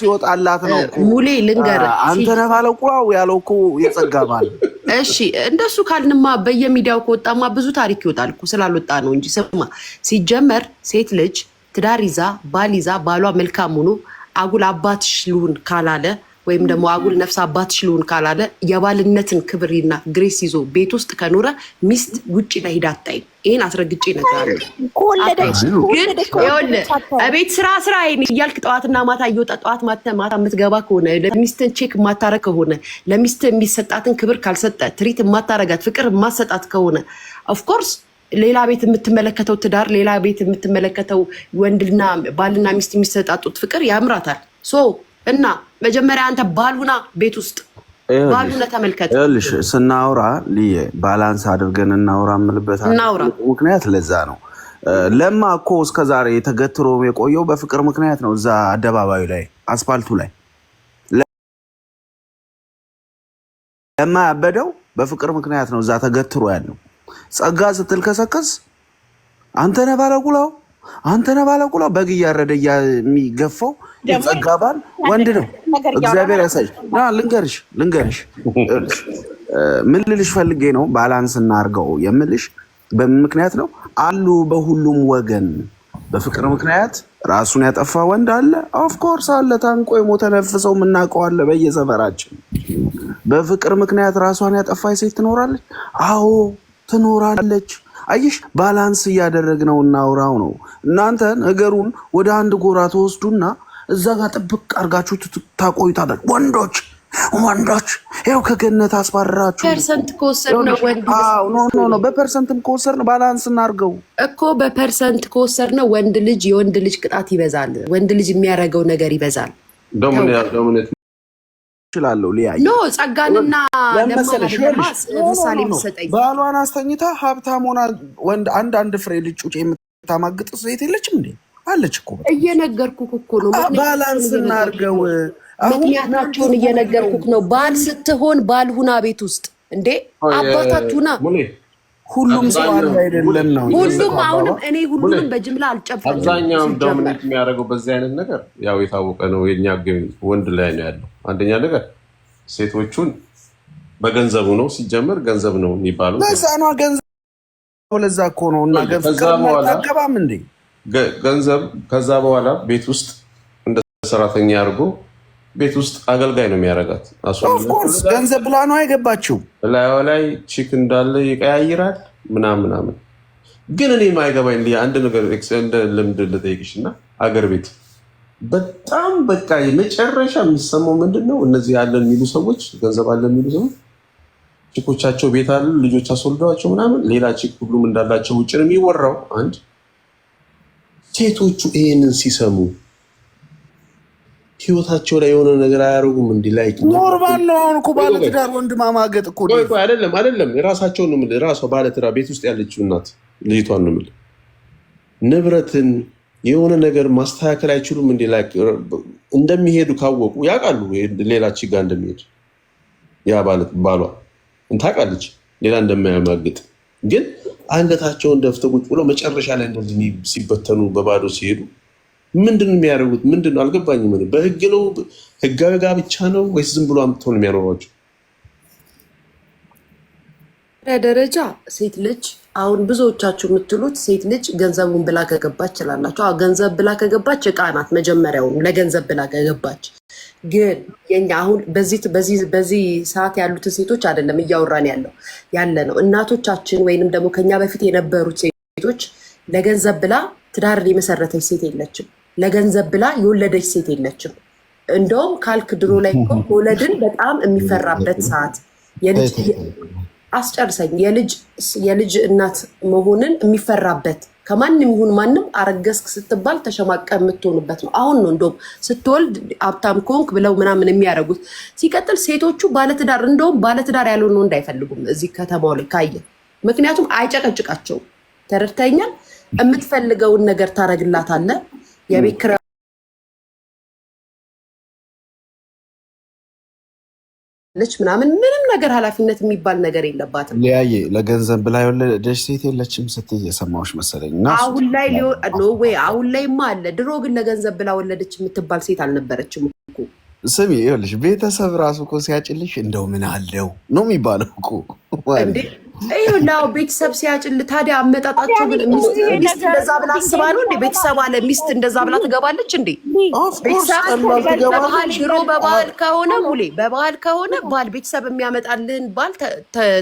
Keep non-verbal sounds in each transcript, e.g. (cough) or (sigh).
ሲወጣላት ነው ሙሌ ልንገር አንተ ነህ ባለው ቁዋው ያለው እኮ የጸጋ ባል። እሺ እንደሱ ካልንማ በየሚዲያው ከወጣማ ብዙ ታሪክ ይወጣል እኮ ስላልወጣ ነው እንጂ። ስማ ሲጀመር ሴት ልጅ ትዳር ይዛ ባል ይዛ ባሏ መልካም ሆኖ አጉል አባትሽ ልሁን ካላለ ወይም ደግሞ አጉል ነፍስ አባትሽ ልሁን ካላለ የባልነትን ክብርና ግሬስ ይዞ ቤት ውስጥ ከኖረ ሚስት ውጭ ላይ ሂዳ አታይም። ይህን አስረግጬ እነግርሃለሁ። ቤት ስራ ስራ እያልክ ጠዋትና ማታ እየወጣ ጠዋት ማታ የምትገባ ከሆነ ለሚስትን ቼክ የማታረግ ከሆነ ለሚስት የሚሰጣትን ክብር ካልሰጠ ትሪት የማታረጋት ፍቅር የማሰጣት ከሆነ ኦፍኮርስ ሌላ ቤት የምትመለከተው ትዳር ሌላ ቤት የምትመለከተው ወንድና ባልና ሚስት የሚሰጣጡት ፍቅር ያምራታል ሶ እና መጀመሪያ አንተ ባልሁና ቤት ውስጥ ባልሁነ ተመልከት። ይኸውልሽ ስናውራ ልየ ባላንስ አድርገን እናውራ እናውራ ምክንያት ለዛ ነው። ለማ እኮ እስከዛሬ ተገትሮ የቆየው በፍቅር ምክንያት ነው። እዛ አደባባዩ ላይ አስፋልቱ ላይ ለማ ያበደው በፍቅር ምክንያት ነው። እዛ ተገትሮ ያለው ጸጋ ስትል ከሰከስ አንተ ነህ ባለቁላው፣ አንተ ባለቁላው በግ እያረደ የሚገፋው ጸጋ ባል ወንድ ነው። እግዚአብሔር ያሳይ። ልንገርሽ ልንገርሽ ምን ልልሽ ፈልጌ ነው ባላንስ እናርገው የምልሽ በምን ምክንያት ነው አሉ በሁሉም ወገን በፍቅር ምክንያት ራሱን ያጠፋ ወንድ አለ። ኦፍኮርስ አለ። ታንቆ የሞተ ነፍሰው የምናውቀው በየሰፈራችን። በፍቅር ምክንያት ራሷን ያጠፋ ሴት ትኖራለች። አዎ ትኖራለች። አየሽ፣ ባላንስ እያደረግነው እናውራው ነው። እናንተ ነገሩን ወደ አንድ ጎራ ተወስዱና እዛ ጋር ጥብቅ አርጋችሁ ታቆይታለች። ወንዶች ወንዶች ይኸው ከገነት አስባረራችሁ። ፐርሰንት ከወሰድነው ኖ ኖ በፐርሰንትም ከወሰድነው ባላንስ እናርገው እኮ በፐርሰንት ከወሰድነው ወንድ ልጅ የወንድ ልጅ ቅጣት ይበዛል። ወንድ ልጅ የሚያደርገው ነገር ይበዛል። እችላለሁ ሊያይ ኖ ጸጋንና ባሏን አስተኝታ ሀብታም ሆና አንድ አንድ ፍሬ ልጭ ውጭ የምታማግጥ ሴት የለችም እንዴ? አለች እኮ እየነገርኩህ እኮ ነው። ባላንስ እናድርገው። ምክንያታቸውን እየነገርኩህ ነው። ባል ስትሆን ባል ሁና ቤት ውስጥ እንዴ አባታቱና ሁሉም ሰው አለ አይደለም ነው። ሁሉም አሁንም እኔ ሁሉንም በጅምላ አልጨበጥም። አብዛኛውም ዶሚኒክ የሚያደርገው በዚህ አይነት ነገር ያው የታወቀ ነው። የኛ ግን ወንድ ላይ ነው ያለው። አንደኛ ነገር ሴቶቹን በገንዘቡ ነው ሲጀመር ገንዘብ ነው የሚባለው። ለዛ ነው ገንዘብ፣ ለዛ እኮ ነው እና ገንዘብ አገባም እንዴ ገንዘብ ከዛ በኋላ ቤት ውስጥ እንደ ሰራተኛ አድርጎ ቤት ውስጥ አገልጋይ ነው የሚያደርጋት። ገንዘብ ብላ ነው አይገባችው። ላዩ ላይ ቺክ እንዳለ ይቀያይራል ምናምን ምናምን። ግን እኔ ማይገባኝ አንድ ነገር እንደ ልምድ ልጠይቅሽ እና አገር ቤት በጣም በቃ የመጨረሻ የሚሰማው ምንድን ነው? እነዚህ ያለን የሚሉ ሰዎች ገንዘብ አለን የሚሉ ሰዎች ቺኮቻቸው ቤት አሉ ልጆች አስወልደዋቸው ምናምን ሌላ ቺክ ሁሉም እንዳላቸው ውጭ ነው የሚወራው አንድ ሴቶቹ ይሄንን ሲሰሙ ህይወታቸው ላይ የሆነ ነገር አያደርጉም። እንዲ ላይ ኖርማል ነው። አሁን እኮ ባለትዳር ወንድ ማማገጥ እኮ አይደለም፣ አይደለም። የራሳቸውን ነው የምልህ። ራሷ ባለትዳር ቤት ውስጥ ያለችው እናት ልጅቷን ነው የምልህ። ንብረትን የሆነ ነገር ማስተካከል አይችሉም። እንዲ ላይ እንደሚሄዱ ካወቁ ያውቃሉ፣ ሌላ ችጋ እንደሚሄድ ያ ባሏ ታውቃለች፣ ሌላ እንደማያማግጥ ግን አንገታቸውን ደፍተው ቁጭ ብለው መጨረሻ ላይ እንደዚህ ሲበተኑ በባዶ ሲሄዱ ምንድን ነው የሚያደርጉት? ምንድን ነው አልገባኝም። በህግ ነው ህጋዊ ጋብቻ ነው ወይስ ዝም ብሎ አምጥተው ነው የሚያኖሯቸው? ደረጃ ሴት ልጅ አሁን ብዙዎቻችሁ የምትሉት ሴት ልጅ ገንዘቡን ብላ ከገባች ይችላላችሁ። ገንዘብ ብላ ከገባች እቃ ናት። መጀመሪያውን ለገንዘብ ብላ ከገባች ግን የኛ አሁን በዚህ ሰዓት ያሉትን ሴቶች አይደለም እያወራን ያለው ያለ ነው። እናቶቻችን ወይንም ደግሞ ከኛ በፊት የነበሩት ሴቶች ለገንዘብ ብላ ትዳርን የመሰረተች ሴት የለችም። ለገንዘብ ብላ የወለደች ሴት የለችም። እንደውም ካልክ ድሮ ላይ መውለድን በጣም የሚፈራበት ሰዓት አስጨርሰኝ። የልጅ እናት መሆንን የሚፈራበት ከማንም ይሁን ማንም አረገዝክ ስትባል ተሸማቀ የምትሆንበት ነው። አሁን ነው እንደውም ስትወልድ ሀብታም ከሆንክ ብለው ምናምን የሚያደርጉት። ሲቀጥል ሴቶቹ ባለትዳር እንደውም ባለትዳር ያልሆነ ነው እንዳይፈልጉም እዚህ ከተማው ላይ ካየ፣ ምክንያቱም አይጨቀጭቃቸውም። ተረድተኛል። የምትፈልገውን ነገር ታረግላታለህ። የቤት ለች ምናምን ምንም ነገር ኃላፊነት የሚባል ነገር የለባትም። ሊያየ ለገንዘብ ብላ የወለደች ሴት የለችም ስትይ የሰማሁሽ መሰለኝ። አሁን ላይ ወይ አሁን ላይማ አለ። ድሮ ግን ለገንዘብ ብላ ወለደች የምትባል ሴት አልነበረችም እኮ። ስሚ ይኸውልሽ፣ ቤተሰብ ራሱ እኮ ሲያጭልሽ እንደው ምን አለው ነው የሚባለው እኮ ይሁና ቤተሰብ ሲያጭል ታዲያ አመጣጣቸው ሚስት እንደዛ ብላ አስባ ነው እንዴ? ቤተሰብ አለ ሚስት እንደዛ ብላ ትገባለች እንዴ? በባህል ድሮ በባህል ከሆነ ሙሌ በባህል ከሆነ ባል ቤተሰብ የሚያመጣልህን ባል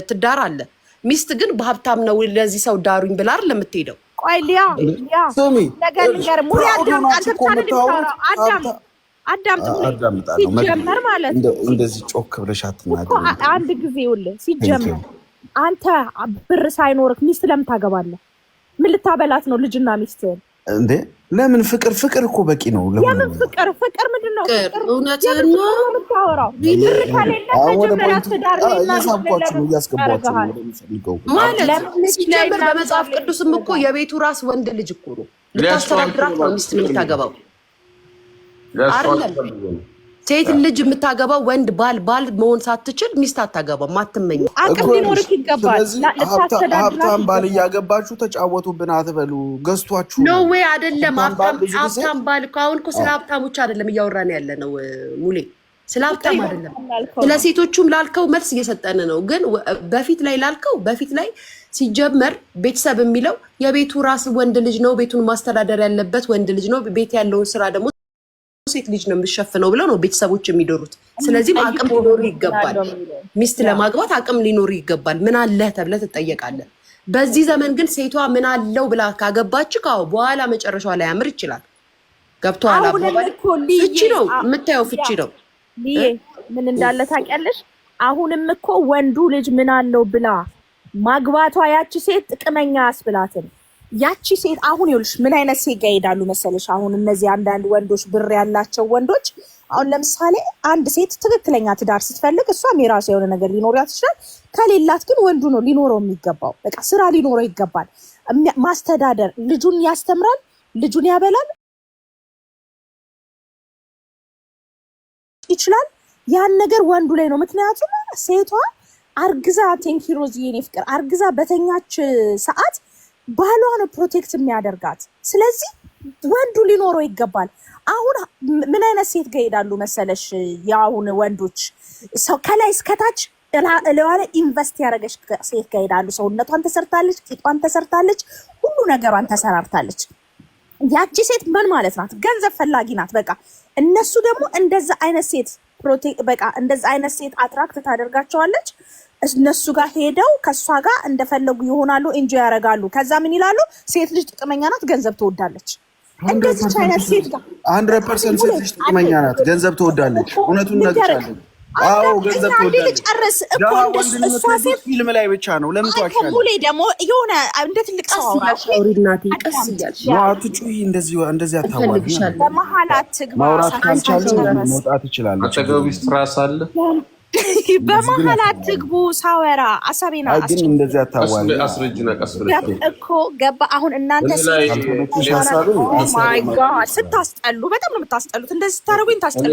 ትዳር አለ። ሚስት ግን በሀብታም ነው ለዚህ ሰው ዳሩኝ ብላ የምትሄደው ቆይ ሊያ ሊያ ነገር ሙሌ አዳም አዳም ሲጀመር ማለት ነው እንደዚህ ጮክ ብለሽ አትናገር። አንድ ጊዜ ይኸውልህ ሲጀመር አንተ ብር ሳይኖርክ ሚስት ለምን ታገባለህ? ምን ልታበላት ነው? ልጅና ሚስትህን እንዴ? ለምን ፍቅር ፍቅር እኮ በቂ ነው። ለምን ፍቅር ፍቅር ምንድን ነው? እውነትህን ነው የምታወራው። ብር ከሌለ መጀመሪያ ትዳር ማለት በመጽሐፍ ቅዱስም እኮ የቤቱ ራስ ወንድ ልጅ እኮ ነው። ልታስተዳድራት ነው ሚስት የምታገባው አይደለም ሴት ልጅ የምታገባው ወንድ ባል ባል መሆን ሳትችል ሚስት አታገባ ማትመኝ አቅም ሊኖርክ ይገባል። ሀብታም ባል እያገባችሁ ተጫወቱብን አትበሉ። ገዝቷችሁ ኖ ዌይ አይደለም። ሀብታም ባል አሁን እኮ ስለ ሀብታሞች አደለም እያወራን ያለ ነው ሙሌ፣ ስለ ሀብታም አይደለም። ስለ ሴቶቹም ላልከው መልስ እየሰጠን ነው። ግን በፊት ላይ ላልከው በፊት ላይ ሲጀመር ቤተሰብ የሚለው የቤቱ ራስ ወንድ ልጅ ነው። ቤቱን ማስተዳደር ያለበት ወንድ ልጅ ነው። ቤት ያለውን ስራ ደግሞ ሴት ልጅ ነው የምሸፍነው ብለው ነው ቤተሰቦች የሚደሩት። ስለዚህም አቅም ሊኖር ይገባል። ሚስት ለማግባት አቅም ሊኖር ይገባል። ምን አለህ ተብለ ትጠየቃለን። በዚህ ዘመን ግን ሴቷ ምን አለው ብላ ካገባች ካው በኋላ መጨረሻ ላይ ያምር ይችላል። ገብቶሃል? ፍቺ ነው የምታየው፣ ፍቺ ነው። ምን እንዳለ ታውቂያለሽ? አሁንም እኮ ወንዱ ልጅ ምን አለው ብላ ማግባቷ ያቺ ሴት ጥቅመኛ አስብላትን ያቺ ሴት አሁን ይኸውልሽ ምን አይነት ሴት ጋር ይሄዳሉ መሰለሽ? አሁን እነዚህ አንዳንድ ወንዶች ብር ያላቸው ወንዶች አሁን ለምሳሌ አንድ ሴት ትክክለኛ ትዳር ስትፈልግ እሷም የራሱ የሆነ ነገር ሊኖራት ይችላል። ከሌላት ግን ወንዱ ነው ሊኖረው የሚገባው። በቃ ስራ ሊኖረው ይገባል። ማስተዳደር፣ ልጁን ያስተምራል፣ ልጁን ያበላል ይችላል። ያን ነገር ወንዱ ላይ ነው። ምክንያቱም ሴቷ አርግዛ ቴንኪሮዝ የኔ ፍቅር አርግዛ በተኛች ሰዓት ባሏ ነው ፕሮቴክት የሚያደርጋት። ስለዚህ ወንዱ ሊኖረው ይገባል። አሁን ምን አይነት ሴት ጋር ይሄዳሉ መሰለሽ? የአሁን ወንዶች ሰው ከላይ እስከታች ለዋለ ኢንቨስት ያደረገች ሴት ጋር ይሄዳሉ። ሰውነቷን ተሰርታለች፣ ቂጧን ተሰርታለች፣ ሁሉ ነገሯን ተሰራርታለች። ያቺ ሴት ምን ማለት ናት? ገንዘብ ፈላጊ ናት። በቃ እነሱ ደግሞ እንደዛ አይነት ሴት በቃ እንደዛ አይነት ሴት አትራክት ታደርጋቸዋለች። እነሱ ጋር ሄደው ከእሷ ጋር እንደፈለጉ ይሆናሉ፣ እንጂ ያደርጋሉ። ከዛ ምን ይላሉ? ሴት ልጅ ጥቅመኛ ናት፣ ገንዘብ ትወዳለች። እንደዚህ አይነት ሴት ጋር አንድረድ ፐርሰንት ሴት ልጅ ጥቅመኛ ናት፣ ገንዘብ ትወዳለች። እውነቱን ነግቻለሁ። አዎ ፊልም ላይ ብቻ ነው። ለምን ሙሌ ደግሞ የሆነ እንደ ትልቅ ሰው እንደዚህ እንደዚህ አታዋሪ። በመሀል አትግባ። ማውራት ካልቻለ መውጣት ይችላል። አጠገቡ ስትራስ አለ (laughs) በመሀል አትግቡ። ሳወራ አሳቤና ግን እንደዚህ እኮ ገባ። አሁን እናንተ ስታስጠሉ በጣም ነው የምታስጠሉት። እንደዚህ ስታደርጉኝ ታስጠሉ።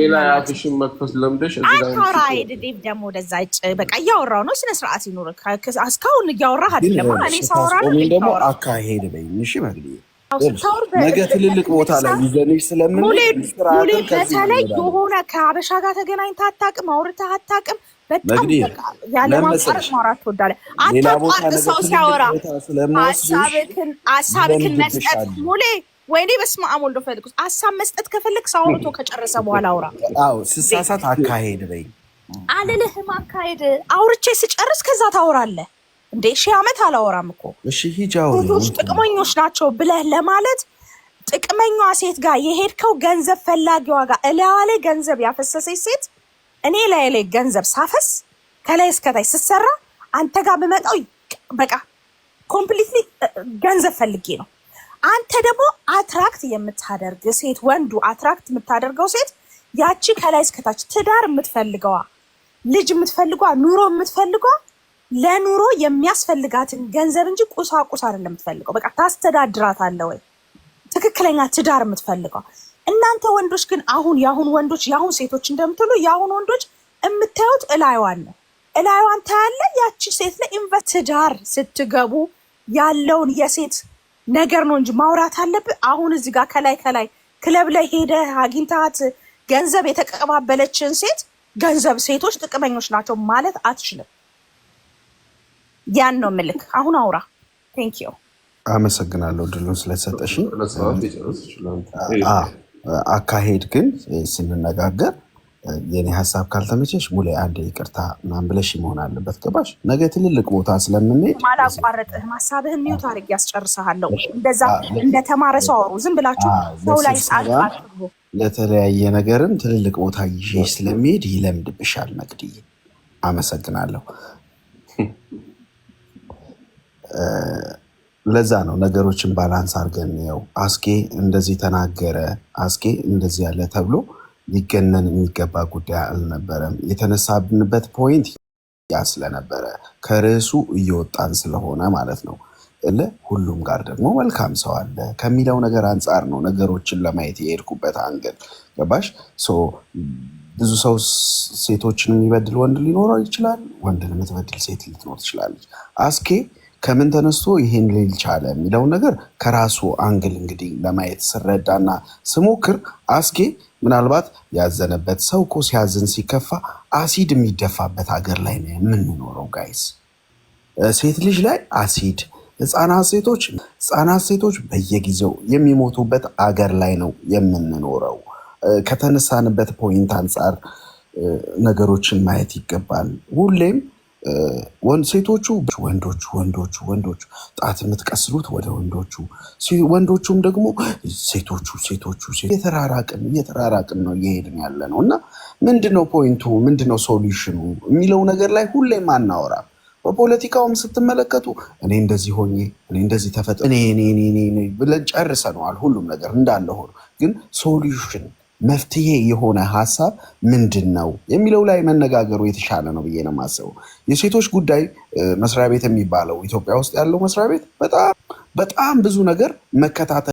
አታወራ ደግሞ ወደዛ ጭ በቃ እያወራው ነው። ስነ ስርዓት ይኑር። እስካሁን እያወራህ አይደለም። እኔ ሳወራ ነው አካሄድ በይ ነገ ትልልቅ ቦታ ላይ ይዘንሽ ስለምን በተለይ የሆነ ጋር ተገናኝተህ አታውቅም፣ አውርተህ አታውቅም። በጣም ማውራት ትወዳለህ። አታቋርጥ ሰው ሲያወራ ሀሳብክን መስጠት ሙሌ ወይኔ በስመ አብ ወልዶ ፈልግ ሀሳብ መስጠት ከፈለግ ሰው አውርቶ ከጨረሰ በኋላ አውራ። አዎ ስሳሳት አካሄድ በይ አልልህም። አካሄድ አውርቼ ስጨርስ ከዛ ታውራለህ። እንዴ ሺህ ዓመት አላወራም እኮ ሴቶች ጥቅመኞች ናቸው ብለህ ለማለት ጥቅመኛዋ ሴት ጋር የሄድከው ገንዘብ ፈላጊዋ ጋር እላዋ ላይ ገንዘብ ያፈሰሰች ሴት እኔ ላይ ላይ ገንዘብ ሳፈስ ከላይ እስከታች ስሰራ አንተ ጋር ብመጣው በቃ ኮምፕሊትሊ ገንዘብ ፈልጌ ነው። አንተ ደግሞ አትራክት የምታደርግ ሴት ወንዱ አትራክት የምታደርገው ሴት ያቺ ከላይ እስከታች ትዳር የምትፈልገዋ ልጅ የምትፈልጓ ኑሮ የምትፈልጓ ለኑሮ የሚያስፈልጋትን ገንዘብ እንጂ ቁሳቁስ አይደለም የምትፈልገው። በቃ ታስተዳድራት አለ ወይ ትክክለኛ ትዳር የምትፈልገው። እናንተ ወንዶች ግን አሁን የአሁን ወንዶች የአሁን ሴቶች እንደምትሉ የአሁን ወንዶች የምታዩት እላይዋን ነው። እላይዋን ታያለ ያቺ ሴት ላይ ኢንቨስት ትዳር ስትገቡ ያለውን የሴት ነገር ነው እንጂ ማውራት አለብህ። አሁን እዚህ ጋር ከላይ ከላይ ክለብ ላይ ሄደ አግኝታት ገንዘብ የተቀባበለችን ሴት ገንዘብ ሴቶች ጥቅመኞች ናቸው ማለት አትችልም። ያን ነው ምልክ። አሁን አውራ። ቴንክ ዩ አመሰግናለሁ ድሉን ስለሰጠሽ። አካሄድ ግን ስንነጋገር የኔ ሀሳብ ካልተመቸሽ ሙሌ አንድ ይቅርታ ምናምን ብለሽ መሆን አለበት። ገባሽ? ነገ ትልልቅ ቦታ ስለምንሄድ ማላቋረጥህ ሀሳብህን ሚዩት አድርጌ ያስጨርሰሃለሁ። እንደዛ እንደተማረ ሰው አውሩ። ዝም ብላችሁ ሰው ላይ ለተለያየ ነገርም ትልልቅ ቦታ ይዤ ስለሚሄድ ይለምድብሻል። መቅድዬ አመሰግናለሁ። (laughs) ለዛ ነው ነገሮችን ባላንስ አድርገን ው አስጌ እንደዚህ ተናገረ፣ አስጌ እንደዚህ ያለ ተብሎ ሊገነን የሚገባ ጉዳይ አልነበረም። የተነሳብንበት ፖይንት ያ ስለነበረ ከርዕሱ እየወጣን ስለሆነ ማለት ነው። ሁሉም ጋር ደግሞ መልካም ሰው አለ ከሚለው ነገር አንጻር ነው ነገሮችን ለማየት የሄድኩበት አንገል ገባሽ። ብዙ ሰው ሴቶችን የሚበድል ወንድ ሊኖረው ይችላል። ወንድን የምትበድል ሴት ልትኖር ትችላለች። አስኬ ከምን ተነስቶ ይሄን ሊል ቻለ የሚለውን ነገር ከራሱ አንግል እንግዲህ ለማየት ስረዳና ስሞክር አስጌ ምናልባት ያዘነበት ሰው እኮ ሲያዝን ሲከፋ አሲድ የሚደፋበት ሀገር ላይ ነው የምንኖረው ጋይስ። ሴት ልጅ ላይ አሲድ ህፃናት ሴቶች ህፃናት ሴቶች በየጊዜው የሚሞቱበት አገር ላይ ነው የምንኖረው። ከተነሳንበት ፖይንት አንጻር ነገሮችን ማየት ይገባል ሁሌም ሴቶቹ ወንዶቹ ወንዶቹ ወንዶቹ ጣት የምትቀስሉት ወደ ወንዶቹ፣ ወንዶቹም ደግሞ ሴቶቹ ሴቶቹ። እየተራራቅን እየተራራቅን ነው እየሄድን ያለ ነው እና ምንድነው ፖይንቱ ምንድነው ሶሉሽኑ የሚለው ነገር ላይ ሁሌም አናወራ። በፖለቲካውም ስትመለከቱ እኔ እንደዚህ ሆኜ እኔ እንደዚህ ተፈጥ እኔ ብለን ጨርሰነዋል። ሁሉም ነገር እንዳለ ሆኖ ግን ሶሉሽን መፍትሄ የሆነ ሀሳብ ምንድን ነው የሚለው ላይ መነጋገሩ የተሻለ ነው ብዬ ነው የማስበው። የሴቶች ጉዳይ መስሪያ ቤት የሚባለው ኢትዮጵያ ውስጥ ያለው መስሪያ ቤት በጣም በጣም ብዙ ነገር መከታተል